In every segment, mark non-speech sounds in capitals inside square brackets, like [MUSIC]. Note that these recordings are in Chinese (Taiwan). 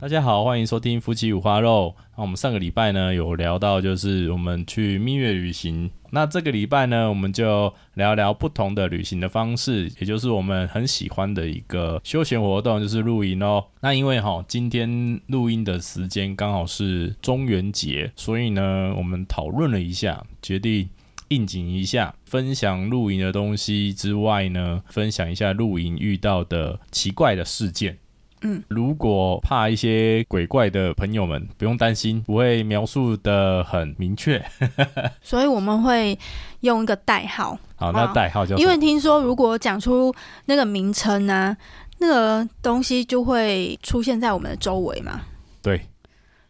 大家好，歡迎收聽夫妻五花肉。那、啊、我們上個禮拜呢有聊到，就是我們去蜜月旅行。那這個禮拜呢，我們就聊聊不同的旅行的方式，也就是我們很喜歡的一個休閒活動，就是露營哦。那因為哈、哦，今天錄音的時間剛好是中元節，所以呢，我們討論了一下，決定應景一下，分享露營的東西之外呢，分享一下露營遇到的奇怪的事件。嗯，如果怕一些鬼怪的朋友們，不用擔心，不會描述的很明確。所以我們會用一個代號。好，那代號就因為聽說，如果講出那個名稱呢、啊，那個東西就會出現在我們的周圍嘛。對。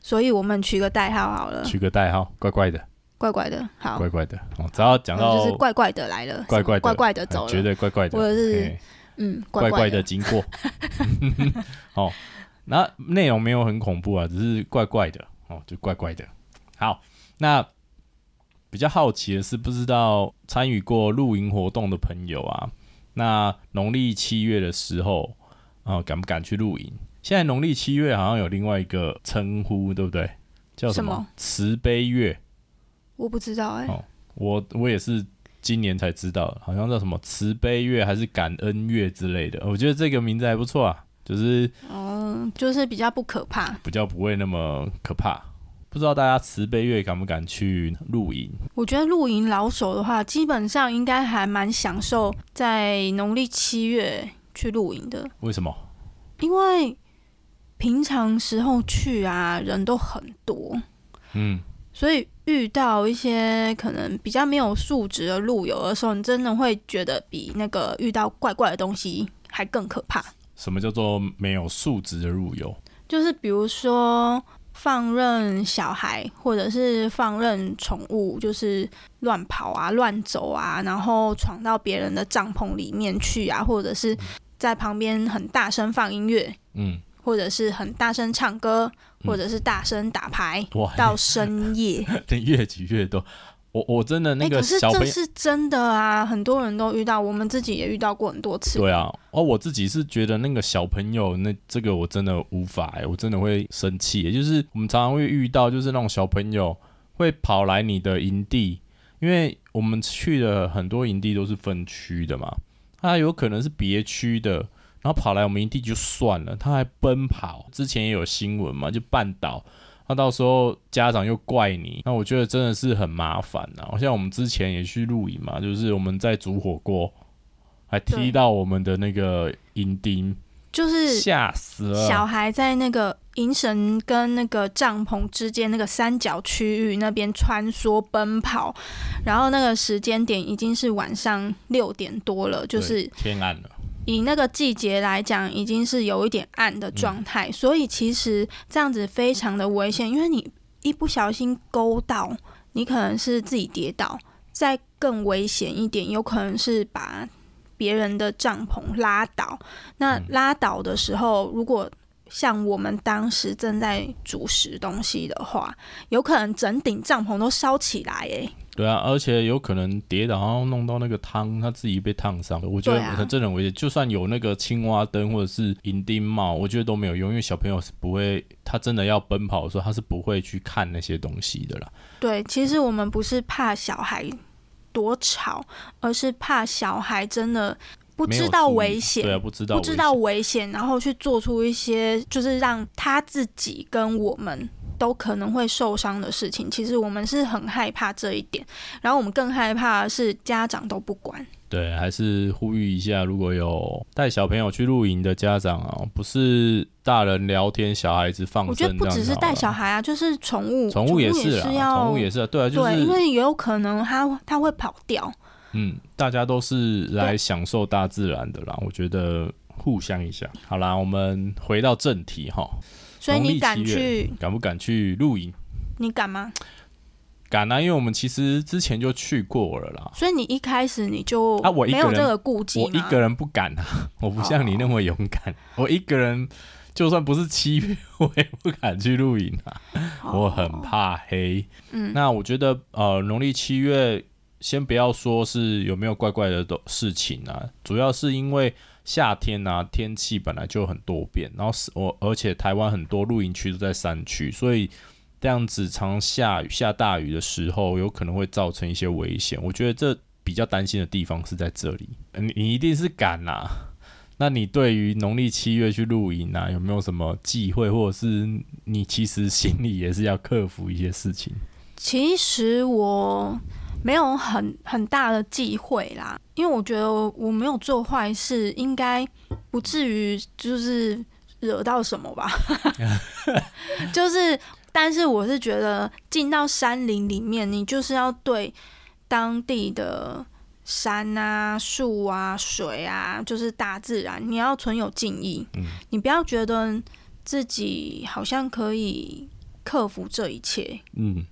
所以我們取個代號好了。取個代號，怪怪的。怪怪的，好。怪怪的，只要講到怪怪、嗯、就是怪怪的來了，怪怪的，怪怪的、啊、怪怪的走了，覺得怪怪的。或者是。嗯，怪怪的經過，怪怪的 [LAUGHS] [LAUGHS] 哦，那內容沒有很恐怖啊，只是怪怪的哦，就怪怪的。好，那比較好奇的是，不知道參與過露營活動的朋友啊，那農曆七月的時候啊、哦，敢不敢去露營？現在農曆七月好像有另外一個稱呼，對不對？叫什麼，什麼？慈悲月？我不知道哎、欸。哦，我我也是。今年才知道，好像叫什麼慈悲月還是感恩月之類的。我覺得這個名字還不錯啊，就是哦、嗯，就是比較不可怕，比較不會那麼可怕。不知道大家慈悲月敢不敢去露營？我覺得露營老手的話，基本上應該還蠻享受在農曆七月去露營的。為什麼？因為平常時候去啊，人都很多。嗯，所以。遇到一些可能比較沒有素質的露友的時候，你真的會覺得比那個遇到怪怪的東西還更可怕。什麼叫做沒有素質的露友？就是比如說放任小孩，或者是放任寵物，就是亂跑啊、亂走啊，然後闖到別人的帳篷裡面去啊，或者是在旁邊很大聲放音樂，嗯。或者是很大聲唱歌，或者是大聲打牌，嗯、到深夜， [LAUGHS] 越擠越多。我我真的那個小朋友，欸，可是這是真的啊！很多人都遇到，我們自己也遇到過很多次。對啊，哦，我自己是覺得那個小朋友，那這個我真的無法，欸，我真的會生氣，欸。也就是我們常常會遇到，就是那種小朋友會跑來你的營地，因為我們去的很多營地都是分區的嘛，他有可能是別區的。然後跑來我們營地就算了，他還奔跑。之前也有新聞嘛，就絆倒。那到時候家長又怪你，那我覺得真的是很麻煩吶。好像我們之前也去露營嘛，就是我們在煮火鍋，還踢到我們的那個營釘，就是嚇死了。小孩在那個銀繩跟那個帳篷之間那個三角區域那邊穿梭奔跑，然後那個時間點已經是晚上六點多了，就是天暗了。以那個季節來講，已經是有一點暗的狀態，所以其實這樣子非常的危險，因為你一不小心勾到，你可能是自己跌倒，再更危險一點，有可能是把別人的帳篷拉倒。那拉倒的時候，如果像我們當時正在煮食東西的話，有可能整頂帳篷都燒起來哎、欸。對啊，而且有可能跌倒，然後弄到那個湯，他自己被燙傷。我覺得我真的認為，啊，就算有那個青蛙燈或者是營釘帽，我覺得都沒有用，因為小朋友是不會，他真的要奔跑的時候，他是不會去看那些東西的啦。對，其實我們不是怕小孩多吵，而是怕小孩真的。不知道危險，對啊，不知道不知道危險，然後去做出一些就是讓他自己跟我們都可能會受傷的事情。其實我們是很害怕這一點，然後我們更害怕的是家長都不管。對，還是呼籲一下，如果有帶小朋友去露營的家長啊，不是大人聊天，小孩子放，我覺得不只是帶小孩啊，就是寵物，寵物也是啊，寵物也是啊，對啊，就是，對，因為有可能他他會跑掉。嗯，大家都是來享受大自然的啦。我覺得互相一下，好啦，我們回到正題哈。所以你敢去？農曆七月，敢不敢去露營？你敢嗎？敢啊，因為我們其實之前就去過了啦。所以你一開始你就啊，我沒有這個顧忌，我一個人不敢啊，我不像你那麼勇敢。好好，我一個人就算不是七月，我也不敢去露營啊，好好，我很怕黑。嗯，那我覺得呃，農曆七月。先不要說是有沒有怪怪的事情啊，主要是因為夏天啊，天氣本來就很多變，然後我而且台灣很多露營區都在山區，所以這樣子常常下雨，下大雨的時候，有可能會造成一些危險。我覺得這比較擔心的地方是在這裡。你你一定是敢啊？那你對於農曆七月去露營啊，有沒有什麼忌諱，或者是你其實心裡也是要克服一些事情？其實我。沒有很很大的忌諱啦，因為我覺得我沒有做壞事，應該不至於就是惹到什麼吧。 [LAUGHS] [LAUGHS] 就是，但是我是覺得進到山林裡面，你就是要對當地的山啊、樹啊、水啊，就是大自然，你要存有敬意。嗯，你不要覺得自己好像可以克服這一切。嗯。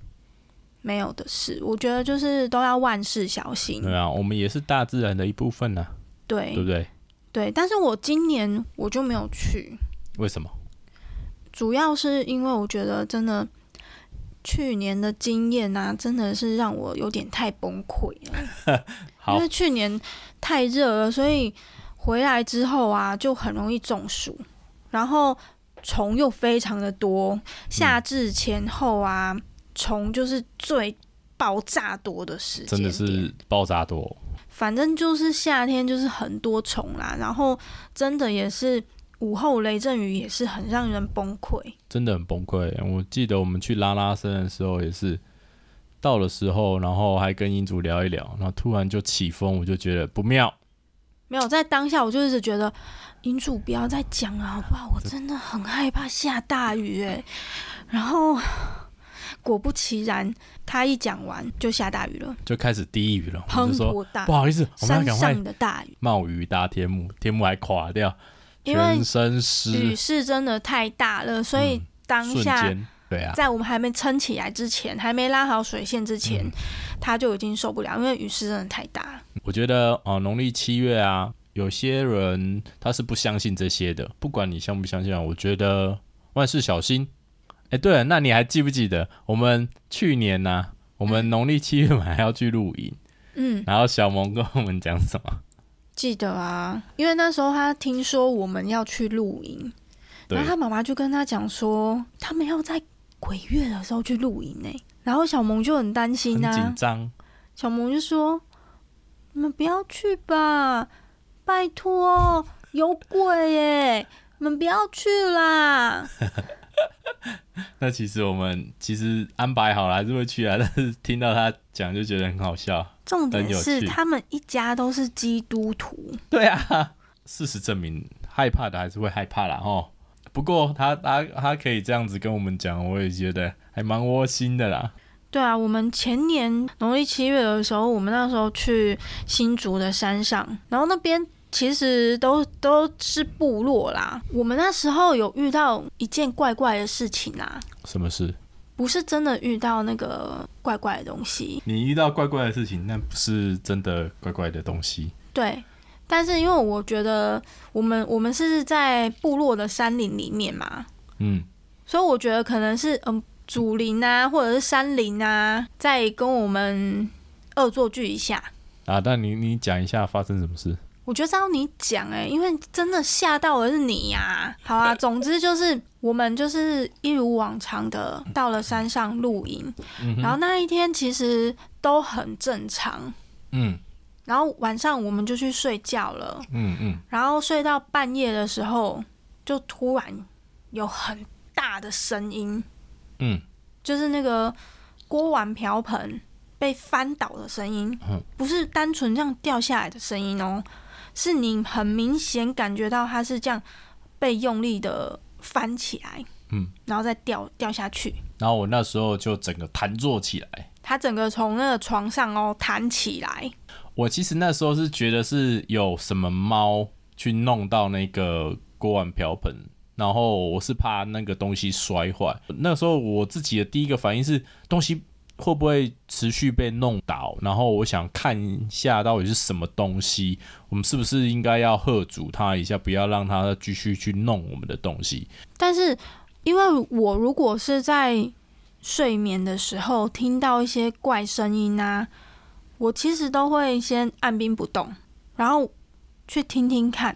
沒有的事，我覺得就是都要萬事小心。對啊，我們也是大自然的一部分呢、啊。對，對不對？對，但是我今年我就沒有去。為什麼？主要是因為我覺得真的去年的經驗啊，真的是讓我有點太崩潰了。 [LAUGHS] 好，因為去年太熱了，所以回來之後啊，就很容易中暑，然後蟲又非常的多，夏至前後啊。嗯蟲就是最爆炸多的事，真的是爆炸多。反正就是夏天，就是很多蟲啦。然後真的也是午後雷陣雨，也是很讓人崩潰。真的很崩潰。我記得我們去拉拉山的時候，也是到的時候，然後還跟營主聊一聊，然後突然就起風，我就覺得不妙。沒有在當下，我就一直覺得營主不要再講了，好不好？我真的很害怕下大雨哎、欸。然後。果不其然，他一講完就下大雨了，就開始滴雨了。磅礴大雨，不好意思，山上的大雨，冒雨搭天幕，天幕還垮掉，因為身雨勢真的太大了，所以當下、嗯、對啊，在我們還沒撐起來之前，還沒拉好水線之前，嗯、他就已經受不了，因為雨勢真的太大。我覺得啊，呃、農曆七月啊，有些人他是不相信這些的，不管你相不相信啊，我覺得萬事小心。哎、欸，對了，那你還記不記得我們去年呢、啊？我們農曆七月還要去露營，嗯，然後小萌跟我們講什麼？記得啊，因為那時候他聽說我們要去露營，然後他媽媽就跟他講說，他們要在鬼月的時候去露營，然後小萌就很擔心，啊，很緊張。小萌就說：“你們不要去吧，拜托，有鬼哎，你們不要去啦。 [LAUGHS] ” [LAUGHS] 那其實我們其實安排好了還是會去啊，但是聽到他講就覺得很好笑。重點是他們一家都是基督徒。對啊，事實證明害怕的還是會害怕啦。哦，不過他他他可以這樣子跟我們講，我也覺得還蠻窩心的啦。對啊，我們前年農曆七月的時候，我們那時候去新竹的山上，然後那邊。其實都都是部落啦。我們那時候有遇到一件怪怪的事情啦、啊。什麼事？不是真的遇到那個怪怪的東西。你遇到怪怪的事情，那不是真的怪怪的東西。對，但是因為我覺得我們我們是在部落的山林裡面嘛，嗯，所以我覺得可能是嗯祖靈啊，或者是山林啊，在跟我們惡作劇一下。啊，那你你講一下發生什麼事？我覺得照你講，哎，因為真的嚇到的是你呀。啊。好啊，總之就是我們就是一如往常的到了山上露營，嗯，然後那一天其實都很正常。嗯，然後晚上我們就去睡覺了。嗯，嗯，然後睡到半夜的時候，就突然有很大的聲音。嗯，就是那個鍋碗瓢盆被翻倒的聲音，不是單純這樣掉下來的聲音哦。喔。是你很明顯感覺到它是這樣被用力的翻起來，嗯，然後再掉掉下去。然後我那時候就整個彈坐起來，它整個從那個床上哦彈起來。我其實那時候是覺得是有什麼貓去弄到那個鍋碗瓢盆，然後我是怕那個東西摔壞。那時候我自己的第一個反應是東西。會不會持續被弄倒？然後我想看一下到底是什麼東西，我們是不是應該要嚇阻他一下，不要讓他繼續去弄我們的東西？但是，因為我如果是在睡眠的時候聽到一些怪聲音啊，我其實都會先按兵不動，然後去聽聽看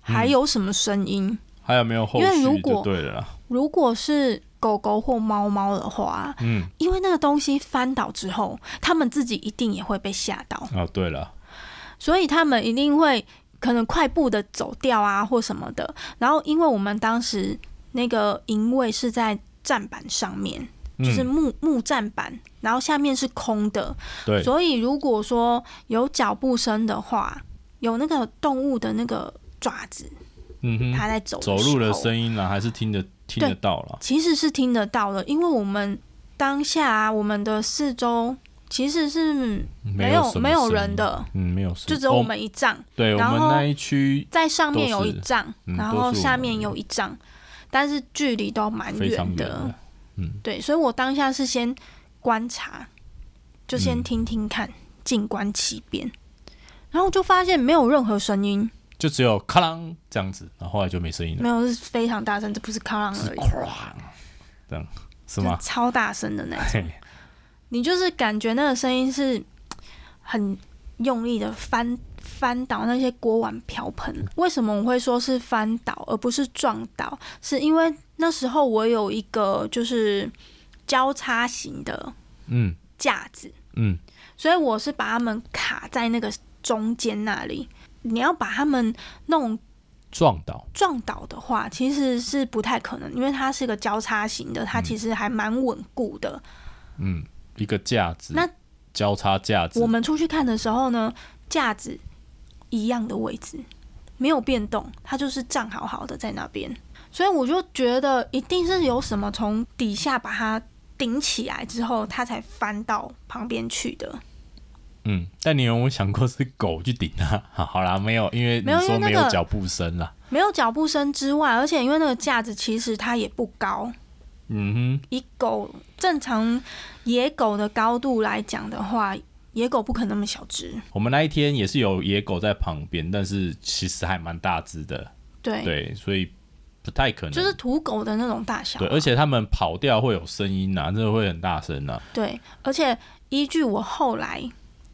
還有什麼聲音、嗯，還有沒有後續，因為如果對的，如果是。狗狗或貓貓的話，嗯，因為那個東西翻倒之後，它們自己一定也會被嚇到哦，對了，所以它們一定會可能快步的走掉啊，或什麼的。然後，因為我們當時那個營位是在站板上面，嗯、就是木木站板，然後下面是空的。對。所以，如果說有腳步聲的話，有那個動物的那個爪子，嗯哼，它在走走路的聲音呢、啊，還是聽得。聽得到了，其實是聽得到的，因為我們當下、啊、我們的四周其實是沒有沒有,沒有人的，嗯，沒有，就只有我們一帳、哦。對，我們在上面有一帳、嗯，然後下面有一帳、嗯，但是距離都蠻遠的,的，嗯，對，所以我當下是先觀察，就先聽聽看，靜觀其變、嗯，然後就發現沒有任何聲音。就只有咔啷這樣子，然後後來就沒聲音了。沒有，是非常大聲，這不是咔啷而已。哐，這樣是嗎？就是、超大聲的那種。你就是感覺那個聲音是很用力的翻翻倒那些鍋碗瓢盆。為什麼我會說是翻倒而不是撞倒？是因為那時候我有一個就是交叉型的嗯架子嗯，嗯，所以我是把它們卡在那個中間那裡。你要把它們弄撞倒撞倒的話，其實是不太可能，因為它是個交叉型的，它其實還蠻穩固的。嗯，一個架子，那交叉架子。我們出去看的時候呢，架子一樣的位置沒有變動，它就是站好好的在那邊，所以我就覺得一定是有什麼從底下把它頂起來之後，它才翻到旁邊去的。嗯，但你有沒有想過是狗去頂它啊？好啦，沒有，因為沒有你說沒有腳步聲了。沒有腳步聲之外，而且因為那個架子其實它也不高。嗯哼，以狗正常野狗的高度來講的話，野狗不可能那麼小隻。我們那一天也是有野狗在旁邊，但是其實還蠻大隻的。對對，所以不太可能。就是土狗的那種大小啊。對，而且他們跑掉會有聲音啊，這會很大聲啊。對，而且依據我後來。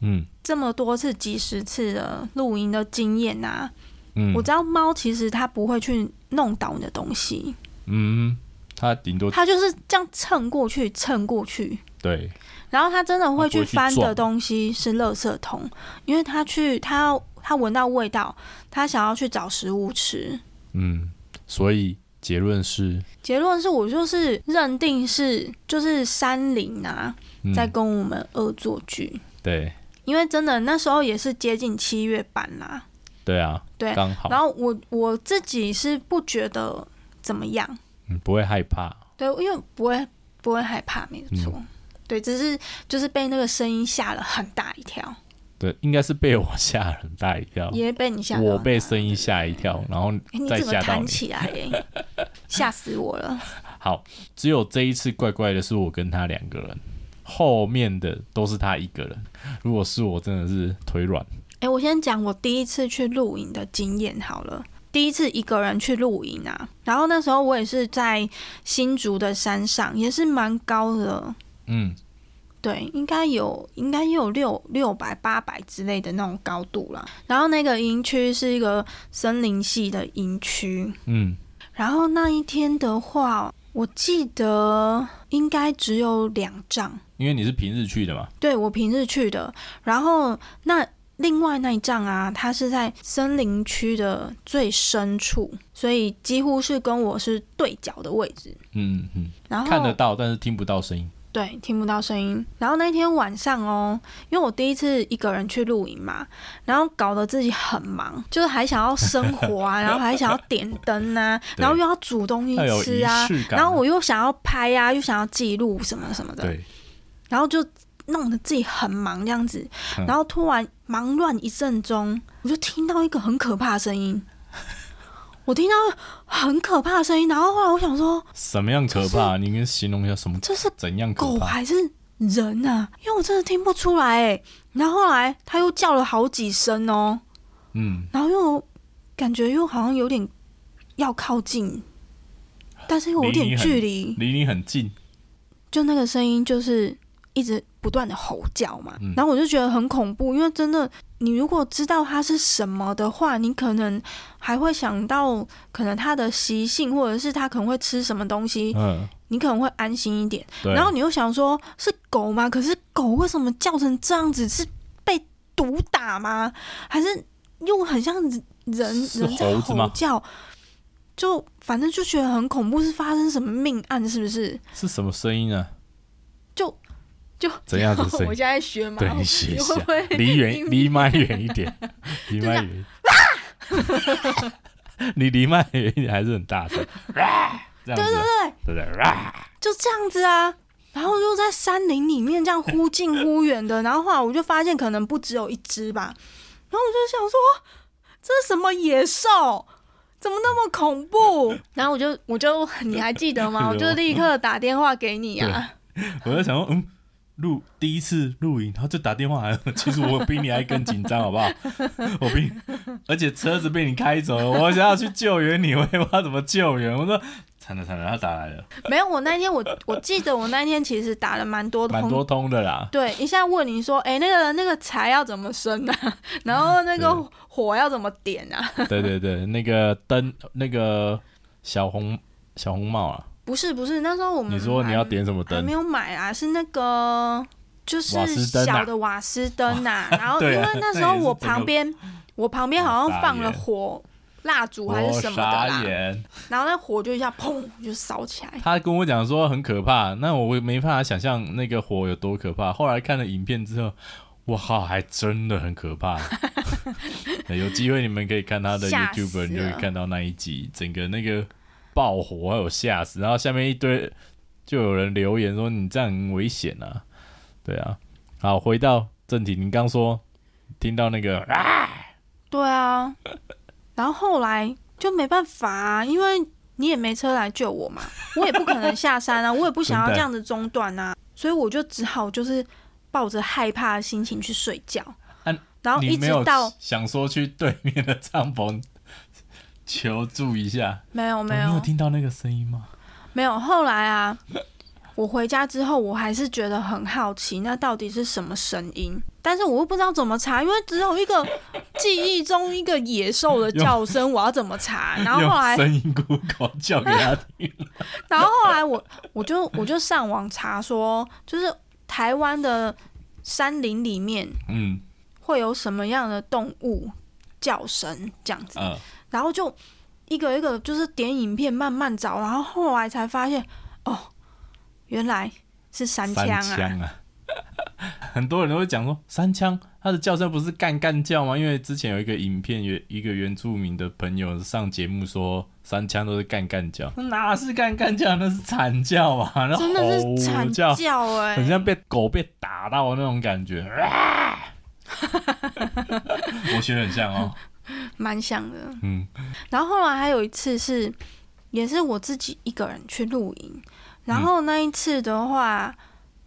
嗯，這麼多次幾十次的露營的經驗吶、啊，嗯，我知道貓其實它不會去弄倒你的東西，嗯，它頂多它就是這樣蹭過去蹭過去，對，然後它真的會去翻的東西是垃圾桶，因為它去它它聞到味道，它想要去找食物吃，嗯，所以結論是結論是我就是認定是就是山林啊、嗯、在跟我們惡作劇，對。因為真的那時候也是接近七月半啦，對啊，對，剛好。然後我我自己是不覺得怎麼樣，嗯，不會害怕，對，因為不會不會害怕，沒錯、嗯，對，只是就是被那個聲音嚇了很大一跳，對，應該是被我嚇很大一跳，也被你嚇，我被聲音嚇一跳，然後再嚇到你，欸，你怎麼彈起來欸？嚇 [LAUGHS] 死我了！好，只有這一次怪怪的是我跟他兩個人。後面的都是他一個人。如果是我，真的是腿軟。哎、欸，我先講我第一次去露營的經驗好了。第一次一個人去露營啊，然後那時候我也是在新竹的山上，也是蠻高的。嗯，對，應該有應該有六六百八百之類的那種高度了。然後那個營區是一個森林系的營區。嗯。然後那一天的話，我記得應該只有兩帳。因為你是平日去的嘛？對，我平日去的，然後那另外那一帳啊，它是在森林區的最深處，所以幾乎是跟我是對角的位置。嗯嗯。然後看得到，但是聽不到聲音。對，聽不到聲音。然後那天晚上哦，因為我第一次一個人去露營嘛，然後搞得自己很忙，就是還想要生火啊， [LAUGHS] 然後還想要點燈啊，然後又要煮東西吃啊，然後我又想要拍啊，又想要記錄什麼什麼的。對。然後就弄得自己很忙這樣子，嗯、然後突然忙亂一陣中，我就聽到一個很可怕的聲音，我聽到很可怕的聲音，然後後來我想說，什麼樣可怕？你應該形容一下什麼？這是怎樣可怕，狗還是人啊？因為我真的聽不出來、欸、然後後來他又叫了好幾聲哦，嗯，然後又感覺又好像有點要靠近，但是又有點距離，離你很，離你很近，就那個聲音就是。一直不斷的吼叫嘛、嗯，然後我就覺得很恐怖，因為真的，你如果知道它是什麼的話，你可能還會想到可能它的習性，或者是它可能會吃什麼東西，嗯、你可能會安心一點。然後你又想說，是狗嗎？可是狗為什麼叫成這樣子？是被毒打嗎？還是又很像人人在吼叫？就反正就覺得很恐怖，是發生什麼命案是不是？是什麼聲音啊？就怎樣子，我現在學嘛、學一下，離遠離麥遠一點，離麥遠。一點 [LAUGHS] [LAUGHS] 你離麥遠一點還是很大聲，啊，對對對，對，對，對，對，對，對就這樣子啊，然後就在山林裡面這樣忽近忽遠的， [LAUGHS] 然後後來我就發現可能不只有一隻吧，然後我就想說這是什麼野獸，怎麼那麼恐怖？然後我就我就你還記得嗎？我就立刻打電話給你啊。我就想說，嗯。錄第一次錄影，他就打電話來。還其實我比你還更緊張，好不好？ [LAUGHS] 我比，而且車子被你開走了，我想要去救援你，我也不知道要怎麼救援。我說慘了慘了，他打來了。沒有，我那天我我記得我那天其實打了蠻多通，蠻多通的啦。對，一下問你說，欸，那個那個柴要怎麼生啊？然後那個火要怎麼點啊？對對對，那個燈，那個小紅小紅帽啊。不是不是，那時候我們你說你要點什麼燈？我沒有買啊，是那個就是小的瓦斯燈吶、啊。然後因為那時候我旁邊、啊、我旁邊好像放了火蠟燭還是什麼的啦眼。然後那火就一下砰就燒起來。他跟我講說很可怕，那我沒辦法想象那個火有多可怕。後來看了影片之後，哇，還真的很可怕。 [LAUGHS] 欸、有機會你們可以看他的 YouTuber，你就會看到那一集整個那個。爆火，還有嚇死！然後下面一堆就有人留言說，你這樣很危險啊，對啊。好，回到正題，你剛說聽到那個啊，對啊。然後後來就沒辦法、啊，因為你也沒車來救我嘛，我也不可能下山啊， [LAUGHS] 我也不想要這樣子中斷啊。所以我就只好就是抱着害怕的心情去睡覺。啊、然後一直到你沒有想說去對面的帳篷。求助一下，沒有沒有、哦，你有聽到那個聲音嗎？沒有。後來啊，我回家之後，我還是覺得很好奇，那到底是什麼聲音？但是我又不知道怎麼查，因為只有一個記憶中一個野獸的叫聲，我要怎麼查？然後後來聲音估狗叫給他聽。然後後來， [LAUGHS] 後後來我我就我就上網查說，就是台灣的山林裡面，嗯，會有什麼樣的動物叫聲這樣子？嗯然後就一個一個就是點影片慢慢找，然後後來才發現哦，原來是山羌啊！啊 [LAUGHS] 很多人都會講說山羌，它的叫聲不是干干叫嗎？因為之前有一個影片，有一個原住民的朋友上節目說山羌都是干干叫，哪是干干叫？那是慘叫啊，那的叫真的是慘叫哎、欸，很像被狗被打到的那種感覺啊！ [LAUGHS] [LAUGHS] 我學很像哦。蠻像的，嗯，然後後來還有一次是，也是我自己一個人去露營，然後那一次的話，嗯、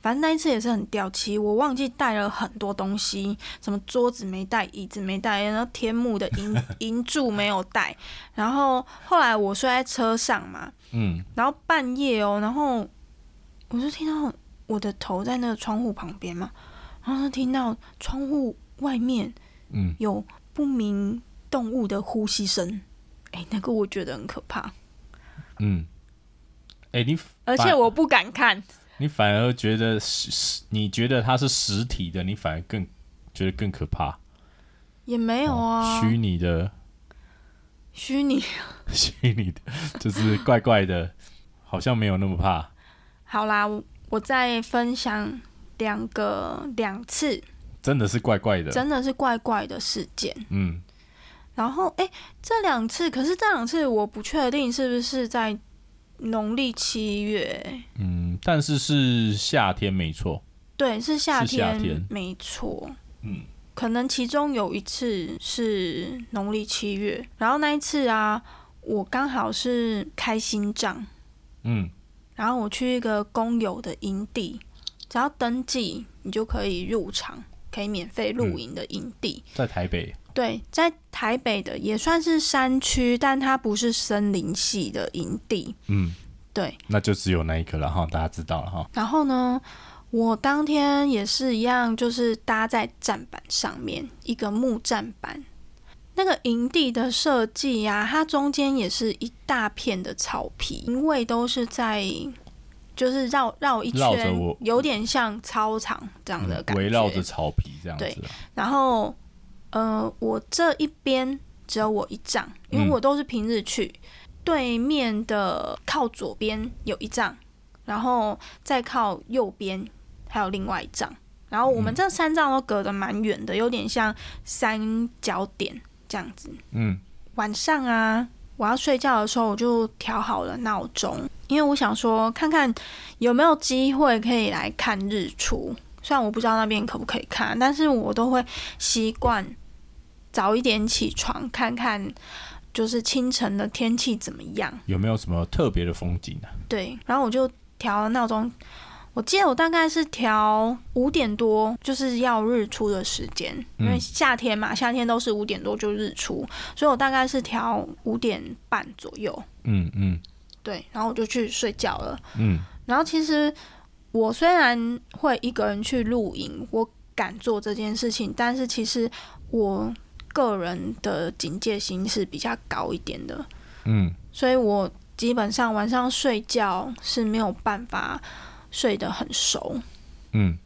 反正那一次也是很掉漆，我忘記帶了很多東西，什麼桌子沒帶，椅子沒帶，然後天幕的營營 [LAUGHS] 柱沒有帶，然後後來我睡在車上嘛，嗯，然後半夜哦，然後我就聽到我的頭在那個窗戶旁邊嘛，然後就聽到窗戶外面，有不明。動物的呼吸聲，哎、欸，那個我覺得很可怕。嗯，哎、欸，你而且我不敢看。你反而覺得實，你覺得它是實體的，你反而更覺得更可怕。也沒有啊，哦，虛擬的，虛擬，虛擬的， [LAUGHS] 虛擬的，就是怪怪的，好像沒有那麼怕。好啦，我，我再分享兩個兩次，真的是怪怪的，真的是怪怪的事件。嗯。然後，哎，這兩次。可是這兩次我不確定是不是在農曆七月。嗯，但是是夏天沒錯。對，是夏天，沒錯。嗯，可能其中有一次是農曆七月，嗯、然後那一次啊，我剛好是開新帳。嗯。然後我去一個公有的營地，只要登記你就可以入場，可以免費露營的營地。嗯、在台北。對，在台北的也算是山區，但它不是森林系的營地。嗯，對，那就只有那一個了哈，大家知道了哈。然後呢，我當天也是一樣，就是搭在棧板上面，一個木棧板。那個營地的設計啊，它中間也是一大片的草皮，因為都是在，就是繞繞一圈，有點像操場這樣的感覺，圍繞着草皮這樣子。對，然後。呃，我這一邊只有我一帳，因為我都是平日去。嗯、對面的靠左邊有一帳，然後再靠右邊還有另外一帳。然後我們這三帳都隔得蠻遠的，有點像三角點這樣子。嗯，晚上啊，我要睡覺的時候，我就調好了鬧鐘，因為我想說看看有沒有機會可以來看日出。雖然我不知道那邊可不可以看，但是我都會習慣早一點起床，看看就是清晨的天氣怎麼樣，有沒有什麼特別的風景呢、啊？對，然後我就調了鬧鐘，我記得我大概是調五點多，就是要日出的時間、嗯，因為夏天嘛，夏天都是五點多就日出，所以我大概是調五點半左右。嗯嗯，對，然後我就去睡覺了。嗯，然後其實。我雖然會一個人去露營，我敢做這件事情，但是其實我個人的警戒心是比較高一點的，嗯，所以我基本上晚上睡覺是沒有辦法睡得很熟，嗯，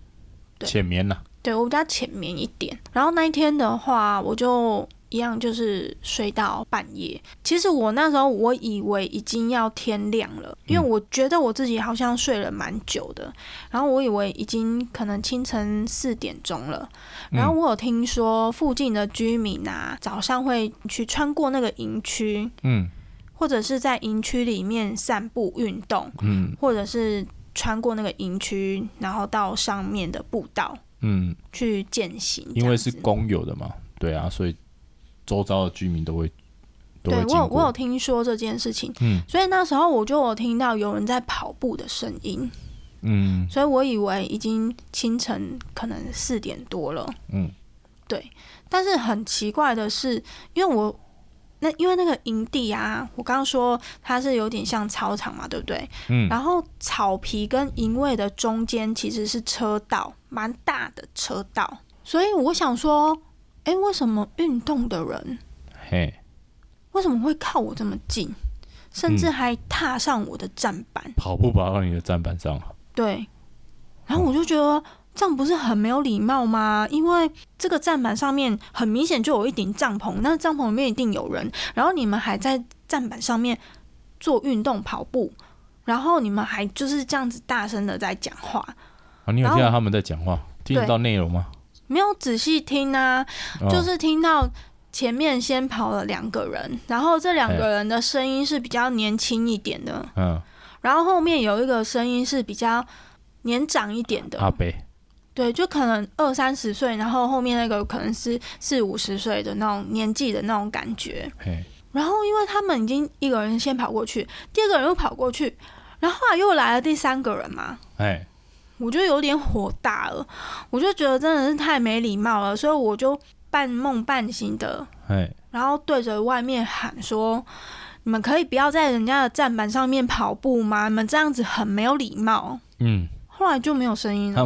淺眠呢，啊，對，我比較淺眠一點。然後那一天的話，我就。一樣就是睡到半夜。其實我那時候我以為已經要天亮了，因為我覺得我自己好像睡了蠻久的，嗯。然後我以為已經可能清晨四點鐘了，嗯。然後我有聽說附近的居民啊，早上會去穿過那個營區，嗯，或者是在營區裡面散步運動，嗯，或者是穿過那個營區，然後到上面的步道，嗯，去健行。因為是公有的嘛，對啊，所以。周遭的居民都會，都會經過。對，我有我有聽說這件事情，嗯，所以那時候我就有聽到有人在跑步的聲音，嗯，所以我以為已經清晨可能四點多了，嗯，對，但是很奇怪的是，因為我那因為那個營地啊，我剛剛說它是有點像操場嘛，對不對？嗯，然後草皮跟營位的中間其實是車道，蠻大的車道，所以我想說。哎、欸，為什麼運動的人，嘿，為什麼會靠我這麼近，甚至還踏上我的站板？嗯、跑步跑到你的站板上了。對，然後我就覺得、哦、這樣不是很沒有禮貌嗎？因為這個站板上面很明顯就有一頂帳篷，那帳篷裡面一定有人，然後你們還在站板上面做運動跑步，然後你們還就是這樣子大聲的在講話。啊，你有聽到他們在講話，聽得到內容嗎？沒有仔細聽啊，就是聽到前面先跑了兩個人，oh. 然後這兩個人的聲音是比較年輕一點的，嗯、oh.，然後後面有一個聲音是比較年長一點的阿北、oh. 對，就可能二三十歲，然後後面那個可能是四五十歲的那種年紀的那種感覺。Hey. 然後因為他們已經一個人先跑過去，第二個人又跑過去，然後後來又來了第三個人嘛，hey. 我就有點火大了，我就覺得真的是太沒禮貌了，所以我就半夢半醒的，然後對着外面喊說：“你們可以不要在人家的站板上面跑步嗎？你們這樣子很沒有禮貌。”嗯，後來就沒有聲音了，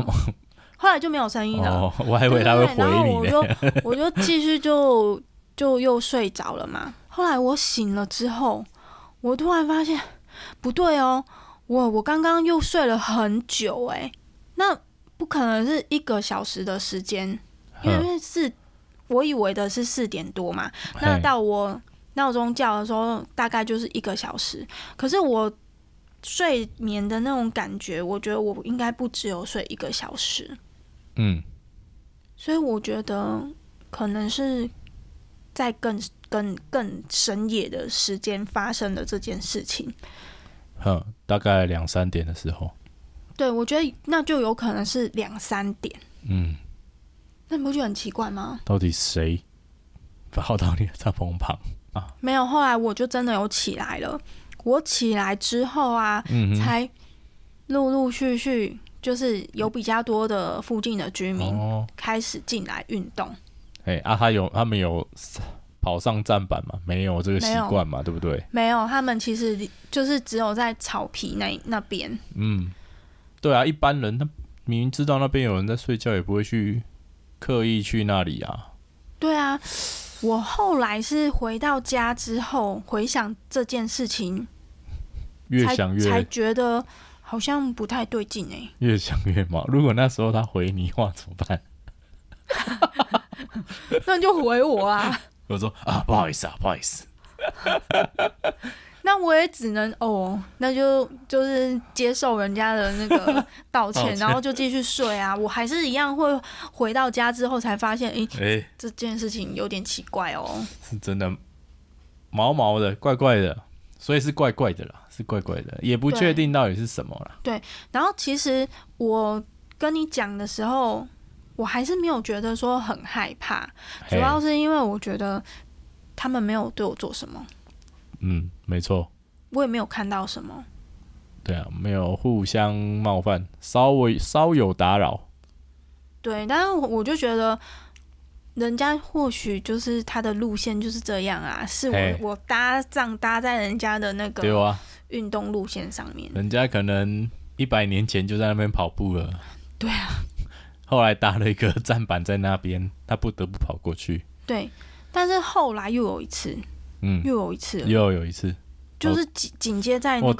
後來就沒有聲音了、哦，我還以為他會回你。然後我就我就繼續就就又睡着了嘛。後來我醒了之後，我突然發現不對哦、喔，我我剛剛又睡了很久哎、欸。那不可能是一個小時的時間，因為是，我以為的是四點多嘛。那到我鬧鐘叫的時候，大概就是一個小時。可是我睡眠的那種感覺，我覺得我應該不只有睡一個小時。嗯，所以我覺得可能是，在更更更深夜的時間發生的這件事情。哼，大概兩三點的時候。對，我覺得那就有可能是兩三點。嗯，那不就很奇怪嗎？到底誰跑到你帳篷旁啊？沒有，後來我就真的有起來了。我起來之後啊，嗯、才陸陸續續就是有比較多的附近的居民開始進來運動。哎、哦欸，啊，他有他們有跑上棧板嗎？沒有這個習慣嘛，對不對？沒有，他們其實就是只有在草皮那那邊。嗯。對啊，一般人他明明知道那邊有人在睡覺，也不會去刻意去那裡啊。對啊，我後來是回到家之後回想這件事情，越想越才，才覺得好像不太對勁哎、欸。越想越毛，如果那時候他回你話怎麼辦？ [LAUGHS] 那你就回我啊。我說啊，不好意思啊，不好意思。 [LAUGHS] 那我也只能哦，那就就是接受人家的那個道歉， [LAUGHS] 道歉然後就繼續睡啊。我還是一樣會回到家之後才發現，哎、欸欸，這件事情有點奇怪哦，是真的毛毛的，怪怪的，所以是怪怪的啦，是怪怪的，也不確定到底是什麼啦。對，對然後其實我跟你講的時候，我還是沒有覺得說很害怕，主要是因為我覺得他們沒有對我做什麼。嗯，沒錯。我也沒有看到什麼。對啊，沒有互相冒犯，稍微稍有打擾。對，但是我我就覺得，人家或許就是他的路線就是這樣啊，是我我搭帳搭在人家的那個運動路線上面，對啊，人家可能一百年前就在那邊跑步了。對啊， [LAUGHS] 後來搭了一個站板在那邊，他不得不跑過去。對，但是後來又有一次。嗯，又有一次，又有一次，就是緊緊、哦、接在那個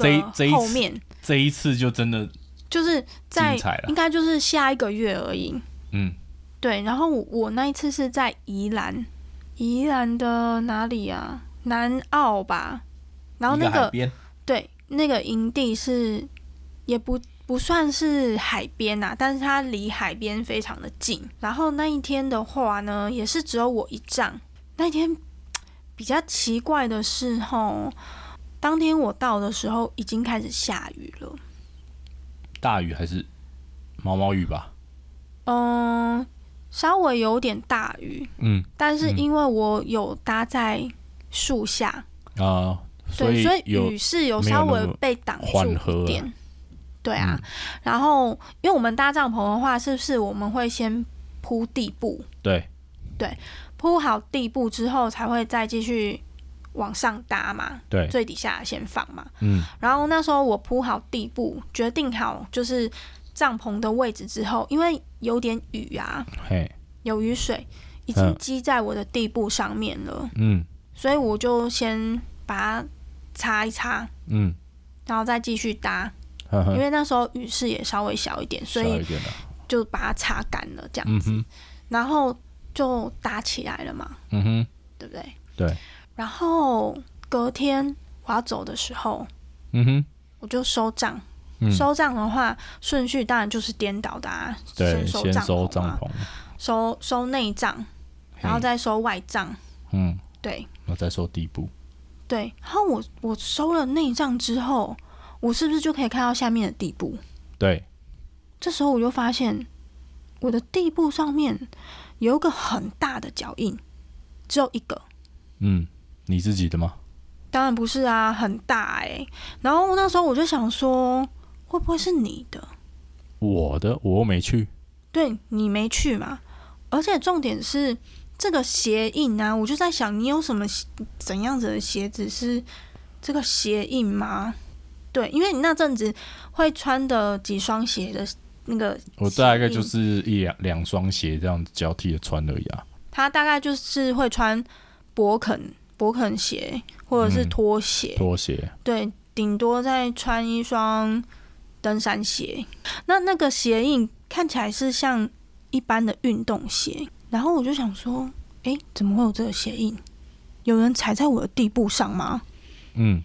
後面、哦這這，這一次就真的就是在應該就是下一個月而已。嗯，對。然後我，我那一次是在宜蘭，宜蘭的哪裡啊？南澳吧。然後那個，個對那個營地是也不不算是海邊吶、啊，但是它離海邊非常的近。然後那一天的話呢，也是只有我一帳。那天，比較奇怪的是，吼，當天我到的時候已經開始下雨了，大雨還是毛毛雨吧？嗯、呃，稍微有點大雨，嗯，但是因為我有搭在樹下啊、嗯呃，所以對所以雨是有稍微被擋住一點、啊，對啊，然後因為我們搭帳篷的話，是不是我們會先鋪地布？對，對。鋪好地布之後，才會再繼續往上搭嘛。對，最底下先放嘛。嗯。然後那時候我鋪好地布，決定好就是帳篷的位置之後，因為有點雨啊，有雨水已經積在我的地布上面了。嗯。所以我就先把它擦一擦。嗯。然後再繼續搭呵呵，因為那時候雨勢也稍微小一點，所以就把它擦乾了這樣子。嗯、然後。就打起來了嘛，嗯哼，對不對？對。然後隔天我要走的時候，嗯哼，我就收帳、嗯。收帳的話，順序當然就是顛倒的啊，對，先收，先收帳篷，收收內帳，然後再收外帳。嗯，對。我再收地布。對。然後我我收了內帳之後，我是不是就可以看到下面的地布？對。這時候我就發現，我的地布上面。有一個很大的腳印，只有一個。嗯，你自己的嗎？當然不是啊，很大哎。然後那時候我就想說，會不會是你的？我的，我沒去。對，你沒去嘛。而且重點是這個鞋印，啊，我就在想，你有什麼怎樣子的鞋子是這個鞋印嗎？對，因為你那陣子會穿的幾雙鞋的。那個我大概就是一兩兩雙鞋這樣交替的穿而已啊。他大概就是會穿勃肯勃肯鞋或者是拖鞋，嗯、拖鞋對，頂多再穿一雙登山鞋。那那個鞋印看起來是像一般的運動鞋，然後我就想說，哎、欸，怎麼會有這個鞋印？有人踩在我的地布上嗎？嗯，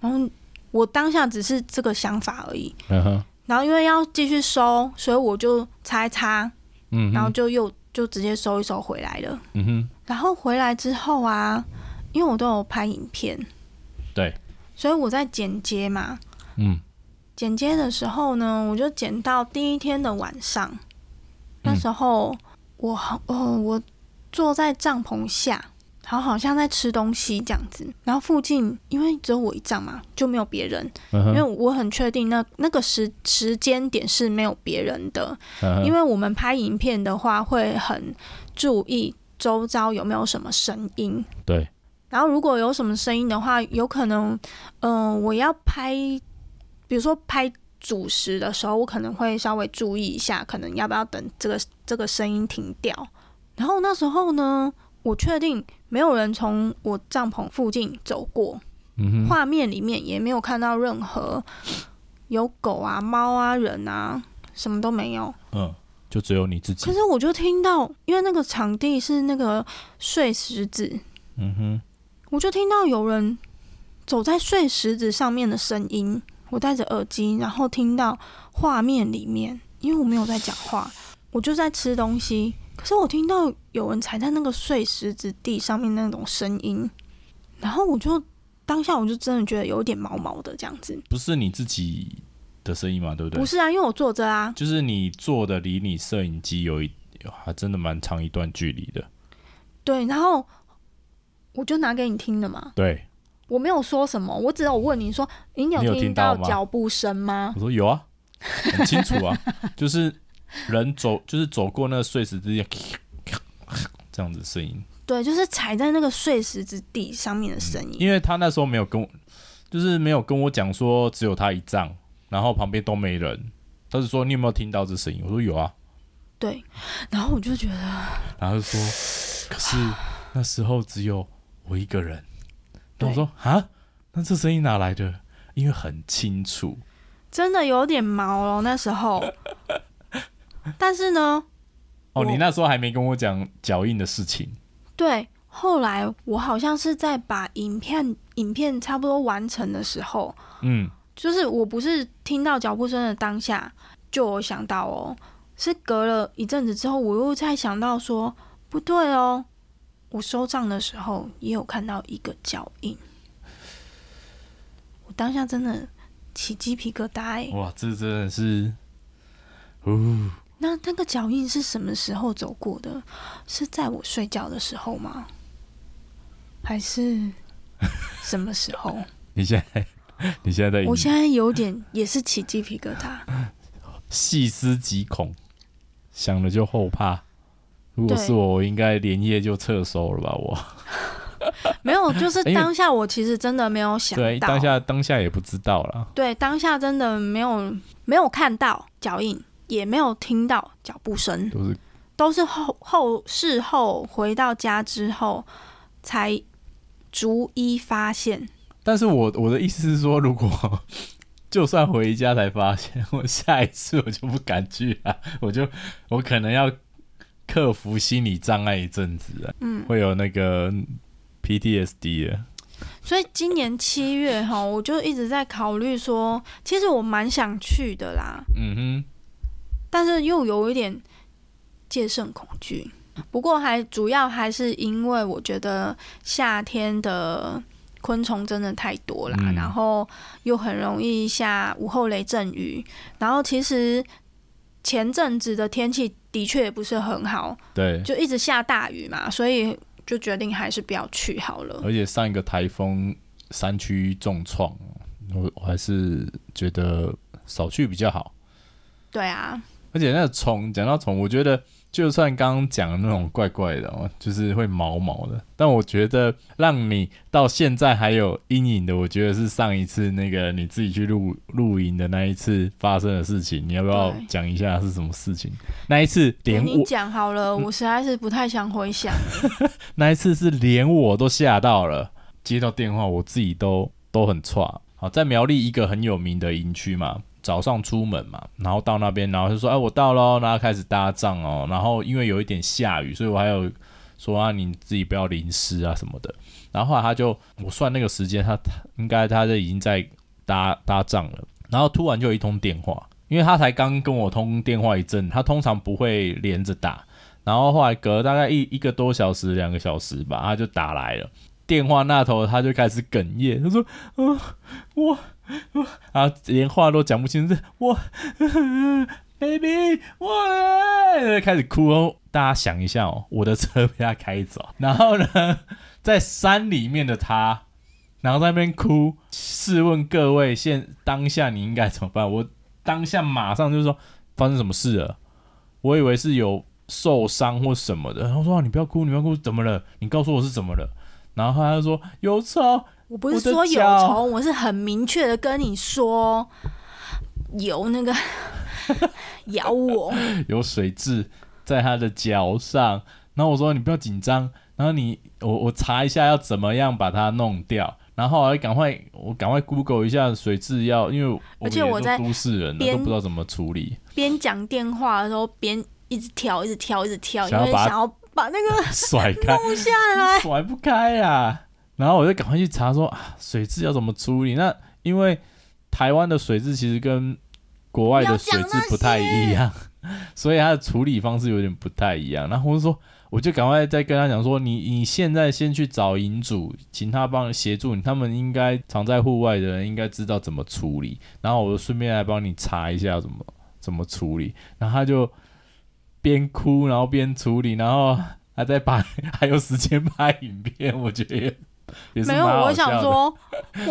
然後我當下只是這個想法而已。嗯然後因為要繼續收，所以我就擦一擦，嗯，然後就又就直接收一收回來了，嗯哼。然後回來之後啊，因為我都有拍影片，對，所以我在剪接嘛，嗯，剪接的時候呢，我就剪到第一天的晚上，那時候我，嗯，哦我坐在帳篷下。然後好像在吃東西這樣子，然後附近因為只有我一帳嘛，就沒有別人。Uh -huh. 因為我很確定那那個時時間點是沒有別人的，uh -huh. 因為我們拍影片的話會很注意周遭有沒有什麼聲音。對。然後如果有什麼聲音的話，有可能，嗯、呃，我要拍，比如說拍主食的時候，我可能會稍微注意一下，可能要不要等這個這個聲音停掉。然後那時候呢，我確定。沒有人從我帳篷附近走過，嗯哼、畫面裡面也沒有看到任何有狗啊、貓啊、人啊，什麼都沒有。嗯，就只有你自己。可是我就聽到，因為那個場地是那個碎石子，嗯哼，我就聽到有人走在碎石子上面的聲音。我戴着耳機，然後聽到畫面裡面，因為我沒有在講話，我就在吃東西。可是我聽到有人踩在那個碎石子地上面那種聲音，然後我就當下我就真的覺得有點毛毛的這樣子。不是你自己的聲音嘛？對不對？不是啊，因為我坐着啊。就是你坐的離你攝影機有一還真的蠻長一段距離的。對，然後我就拿給你聽的嘛。對。我沒有說什麼，我只要我問你說：“你有聽到腳步聲嗎？”嗎，我說有啊，很清楚啊， [LAUGHS] 就是。人走就是走過那個碎石之地，這樣子聲音。對，就是踩在那個碎石之地上面的聲音，嗯。因為他那時候沒有跟我，就是沒有跟我講說只有他一帳，然後旁邊都沒人。他是說你有沒有聽到這聲音？我說有啊。對，然後我就覺得。然後就說，可是那時候只有我一個人。我說啊，那這聲音哪來的？因為很清楚。真的有點毛哦，那時候。 [LAUGHS] 但是呢，哦，你那時候還沒跟我講腳印的事情。對，後來我好像是在把影片影片差不多完成的時候，嗯，就是我不是聽到腳步聲的當下就有想到哦，是隔了一陣子之後，我又再想到說不對哦，我收帳的時候也有看到一個腳印，我當下真的起雞皮疙瘩哎，哇，這真的是，呼呼。那那個腳印是什麼時候走過的？是在我睡覺的時候嗎？還是什麼時候？ [LAUGHS] 你現在，你現在在？我現在有點也是起雞皮疙瘩。細 [LAUGHS] 思極恐，想了就後怕。如果是我，我應該連夜就撤收了吧？我 [LAUGHS] [LAUGHS] 沒有，就是當下我其實真的沒有想到。對，當下當下也不知道了。對，當下真的沒有沒有看到腳印。也沒有聽到腳步聲，都是後後事後回到家之後才逐一發現。但是我我的意思是說，如果就算回家才發現，我下一次我就不敢去了，我就我可能要克服心理障礙一陣子啊、嗯，會有那個 PTSD 啊。所以今年七月齁，我就一直在考慮說，其實我蠻想去的啦。嗯哼。但是又有一點戒慎恐懼，不過還主要還是因為我覺得夏天的昆蟲真的太多啦，嗯，然後又很容易下午後雷陣雨，然後其實前陣子的天氣的確也不是很好，對，就一直下大雨嘛，所以就決定還是不要去好了。而且上一個颱風山區重創，我我還是覺得少去比較好。對啊。而且那蟲講到蟲，我覺得就算剛剛講的那種怪怪的哦、喔，就是會毛毛的。但我覺得讓你到現在還有陰影的，我覺得是上一次那個你自己去露露營的那一次發生的事情。你要不要講一下是什麼事情？那一次連我、欸、你講好了，我實在是不太想回想。 [LAUGHS] 那一次是連我都嚇到了，接到電話我自己都都很挫。好，在苗栗一個很有名的營區嘛。早上出門嘛，然後到那邊，然後就說：“哎，我到嘍。”然後開始搭帳哦。然後因為有一點下雨，所以我還有說啊，你自己不要淋濕啊什麼的。然後後來他就，我算那個時間他，他應該他就已經在搭搭帳了。然後突然就一通電話，因為他才剛跟我通電話一陣，他通常不會連着打。然後後來隔大概一一個多小時、兩個小時吧，他就打來了。電話那頭他就開始哽咽，他說：“嗯、呃，我。” [LAUGHS] 然後，連話都講不清楚，我呵呵，baby，我、哎、開始哭哦。大家想一下哦，我的車被他開走，然後呢，在山裡面的他，然後在那邊哭。試問各位，現當下你應該怎麼辦？我當下馬上就是說，發生什麼事了？我以為是有受傷或什麼的，然後說、啊、你不要哭，你不要哭，怎麼了？你告訴我是怎麼了。然後他就說有蟲，我不是說有蟲，我是很明確的跟你說有那個 [LAUGHS] 咬我， [LAUGHS] 有水蛭在他的腳上。然後我說，你不要緊張，然後你我我查一下要怎麼樣把它弄掉。然後還我趕快我趕快 Google 一下水蛭要，因為都都都而且我在都市人，都不知道怎麼處理。邊講電話的時候邊一直挑，一直挑，一直挑，因為想要。把那個甩開， [LAUGHS] 弄下來，甩不開呀。然後我就趕快去查，說啊，水蛭要怎麼處理？那因為台灣的水蛭其實跟國外的水蛭不太一樣，所以它的處理方式有點不太一樣。然後我就說，我就趕快再跟他講說，你你現在先去找營主，請他幫協助你，他們應該常在戶外的人應該知道怎麼處理。然後我就順便來幫你查一下怎麼怎麼處理。然後他就。邊哭然後邊處理，然後還在拔還有時間拍影片，我覺得也是蠻好笑的。沒有，我想說，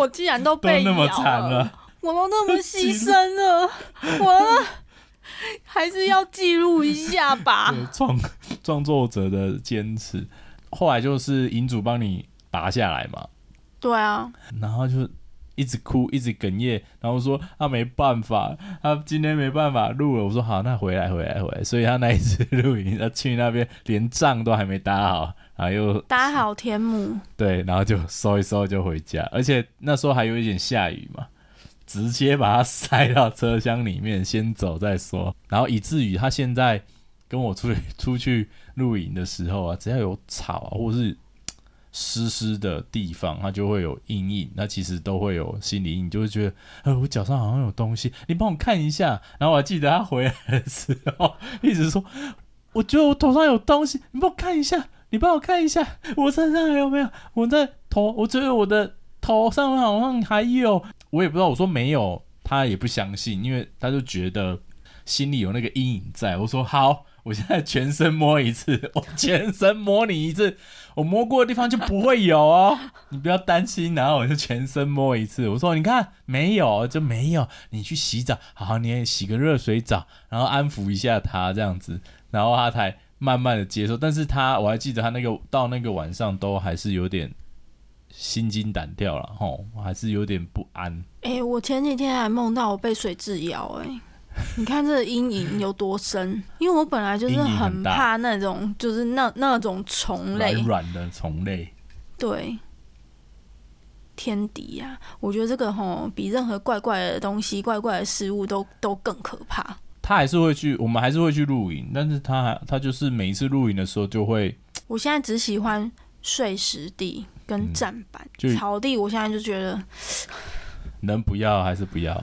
我既然都被咬了, [LAUGHS] 都那麼慘了，我都那麼犧牲了， [LAUGHS] 我了，還是要記錄一下吧。創創作者的堅持，後來就是影主幫你拔下來嘛。對啊，然後就。一直哭，一直哽咽，然後說他、啊、沒辦法，他、啊、今天沒辦法錄了。我說好，那回來，回來，回來。所以他那一次露營，他去那邊連帳都還沒搭好，啊又搭好天幕，對，然後就收一收就回家。而且那時候還有一點下雨嘛，直接把他塞到車廂裡面，先走再說。然後以至於他現在跟我出去出去露營的時候啊，只要有草啊，或是。濕濕的地方，它就會有陰影，那其實都會有心理陰影，就會覺得，呃、欸，我腳上好像有東西，你幫我看一下。然後我還記得他回來的時候，一直說，我覺得我頭上有東西，你幫我看一下，你幫我看一下，我身上還有沒有？我在頭，我覺得我的頭上好像還有，我也不知道。我說沒有，他也不相信，因為他就覺得心裡有那個陰影在。我說好。我現在全身摸一次，我全身摸你一次。 [LAUGHS] 我摸過的地方就不會有哦，你不要擔心。然後我就全身摸一次，我說你看沒有就沒有。你去洗澡，好，好，你也洗個熱水澡，然後安撫一下它這樣子，然後它才慢慢的接受。但是它，我還記得它那個到那個晚上都還是有點心驚膽跳了，吼，我還是有點不安。哎、欸，我前幾天還夢到我被水蛭咬哎。 [LAUGHS] 你看這陰影有多深？因為我本來就是很怕那種，就是那那種蟲類，很軟的蟲類，對，天敵呀、啊！我覺得這個吼比任何怪怪的東西、怪怪的事物都都更可怕。他還是會去，我們還是會去露營，但是他他就是每一次露營的時候就會。我現在只喜歡碎石地跟棧板，草、嗯、地。我現在就覺得，能不要還是不要？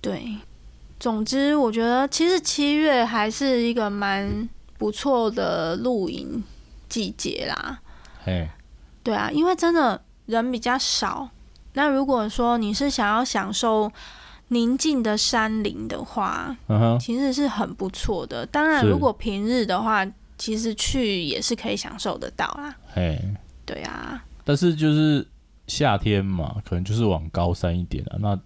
對。總之，我覺得其實七月還是一個蠻不錯的露營季節啦。對啊，因為真的人比較少。那如果說你是想要享受寧靜的山林的話，其實是很不錯的。當然，如果平日的話，其實去也是可以享受得到啦。對啊、嗯。但是就是夏天嘛，可能就是往高山一點了、啊。那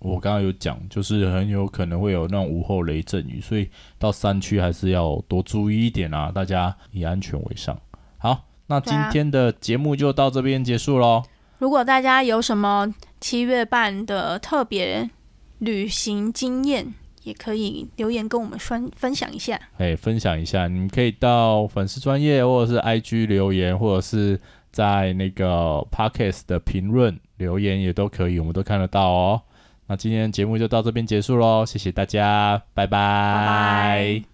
我剛剛有講，就是很有可能會有那種午後雷陣雨，所以到山區還是要多注意一點啊！大家以安全為上。好，那今天的節目就到這邊結束嘍、啊。如果大家有什麼七月半的特別旅行經驗，也可以留言跟我們分分享一下。哎，分享一下，你可以到粉絲專頁或者是 IG 留言，或者是在那個 Podcast 的評論留言也都可以，我們都看得到哦。那今天的節目就到這邊結束嘍，謝謝大家，拜拜。拜拜。